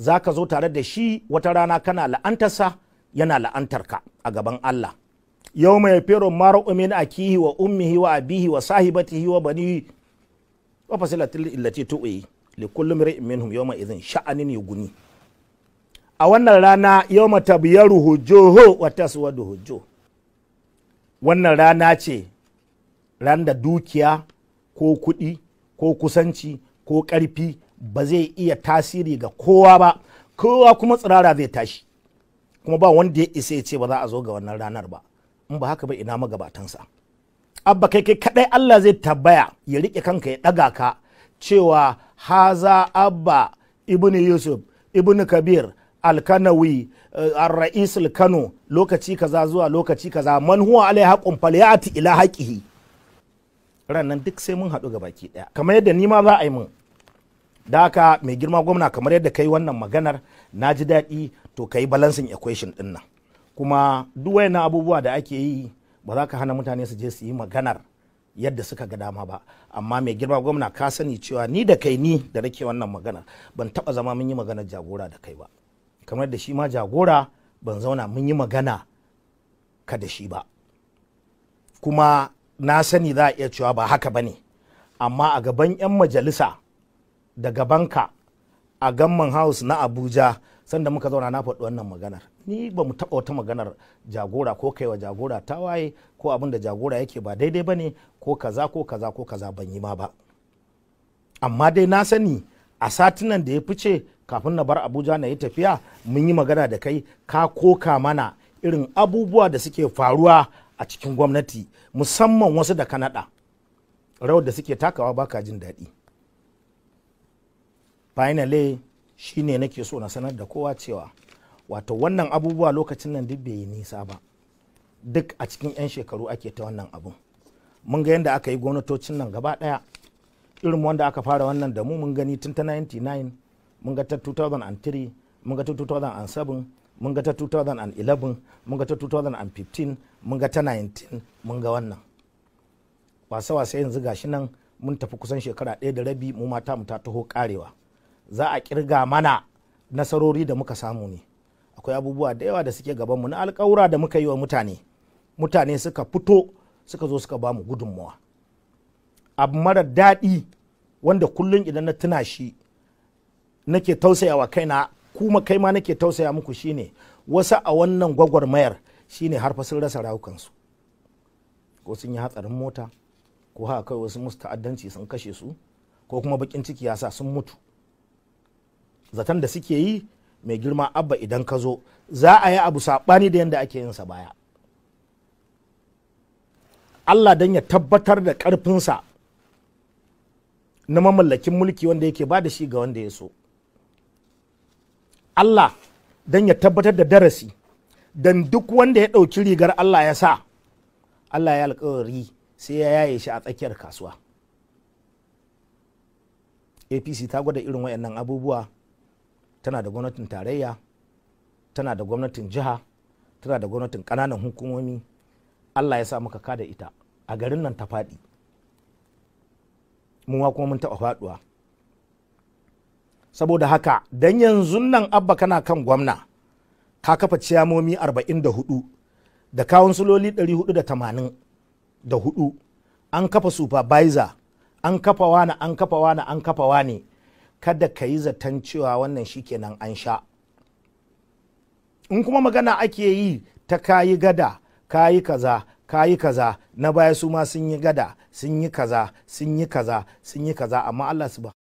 za ka zo tare da shi wata rana kana la'antarsa yana la'antarka a gaban Allah yau mai fero maru umin akihi wa ummihi wa abihi wa sahibatihi wa bani wa fasilatil illati tu'i li kulli mar'in minhum yawma idhin sha'anin yuguni a wannan rana yawma tabyaru hujuhu wa taswadu hujuh wannan rana ce ran da dukiya ko kuɗi ko kusanci ko ƙarfi ba zai iya tasiri ga kowa ba kowa kuma tsirara zai tashi kuma ba wanda ya isa ya ce ba za a zo ga wannan ranar ba in ba haka ba ina magabatansa abba kai kai kadai Allah zai tabbaya ya rike kanka ya daga ka cewa haza abba ibn yusuf ibn kabir alkanawi eh, ar-ra'is al-kano lokaci kaza zuwa lokaci kaza man huwa alai haqqun falyati ila haqihi ranan duk sai mun haɗu ga baki daya kamar yadda ni ma za a yi mun da haka mai girma gwamna kamar yadda ka yi wannan maganar na ji daɗi to ka yi balancing equation ɗin nan kuma duk wayannan abubuwa da ake yi ba za ka hana mutane su je su yi maganar yadda suka ga dama ba amma mai girma gwamna ka sani cewa ni da kai ni da nake wannan maganar ban taɓa zama mun yi maganar jagora da kai ba kamar da shi ma jagora ban zauna mun yi magana ka da shi ba kuma na sani za a iya cewa ba haka ba ne amma a gaban 'yan majalisa Daga banka a gamman house na abuja sanda muka zauna na faɗi wannan maganar ni ba mu taɓa wata maganar jagora ko kaiwa jagora ta waye ko abin da jagora yake ba daidai ba ne ko kaza ko kaza ko kaza ban yi ma ba amma dai na sani a satinan da ya fice kafin na bar abuja na yi tafiya mun yi magana da kai ka koka mana irin abubuwa da suke faruwa a cikin gwamnati musamman wasu da kanada rawar da suke takawa baka jin daɗi finally shine nake so na sanar da kowa cewa wato wannan abubuwa lokacin nan duk bai nisa ba duk a cikin 'yan shekaru ake ta wannan abun mun ga yadda aka yi gwamnatocin nan gaba daya irin wanda aka fara wannan da mu mun gani tun ta 99 mun ga ta 2003 mun ga ta 2007 mun ga ta 2011 mun ga ta 2015 mun ga ta 19 mun ga wannan wasa-wasa yanzu gashi nan mun tafi kusan shekara ɗaya da rabi mu mata mu ta taho karewa za a kirga mana nasarori da muka samu ne akwai abubuwa da yawa da suke gabanmu na alkawura da muka yi wa mutane mutane suka fito suka zo suka bamu gudunmawa abu mara daɗi wanda kullum idan na tuna shi nake tausaya wa kaina kuma kai ma nake tausaya muku shine wasu a wannan gwagwarmayar shine har fa sun rasa rayukansu ko sun yi hatsarin mota ko haka kai wasu musu sun kashe su ko kuma bakin ciki ya sa sun mutu zaton da suke yi mai girma abba idan ka zo za a yi abu saɓani da yadda ake yinsa baya allah don ya tabbatar da ƙarfinsa na mamallakin mulki wanda yake ba da shi ga wanda ya so allah don ya tabbatar da darasi don duk wanda ya ɗauki rigar allah ya sa allah ya alkawari sai ya yaye shi a tsakiyar kasuwa apc ta gwada irin waɗannan abubuwa tana da gwamnatin tarayya tana da gwamnatin jiha tana da gwamnatin ƙananan hukumomi allah ya sa muka kada ita a garin nan ta faɗi muwa kuma mun taɓa faɗuwa saboda haka dan yanzu nan abba kana kan gwamna ka kafa ciyamomi 44 da kawun ɗari 484 da hudu an kafa supervisor an kafa wani an kafa wani an kafa wani kada ka yi zaton cewa wannan shikenan an sha in kuma magana ake yi ta kayi gada kayi kaza kayi kaza na baya su ma sun yi gada sun yi kaza sun yi kaza sun yi kaza amma Allah su ba.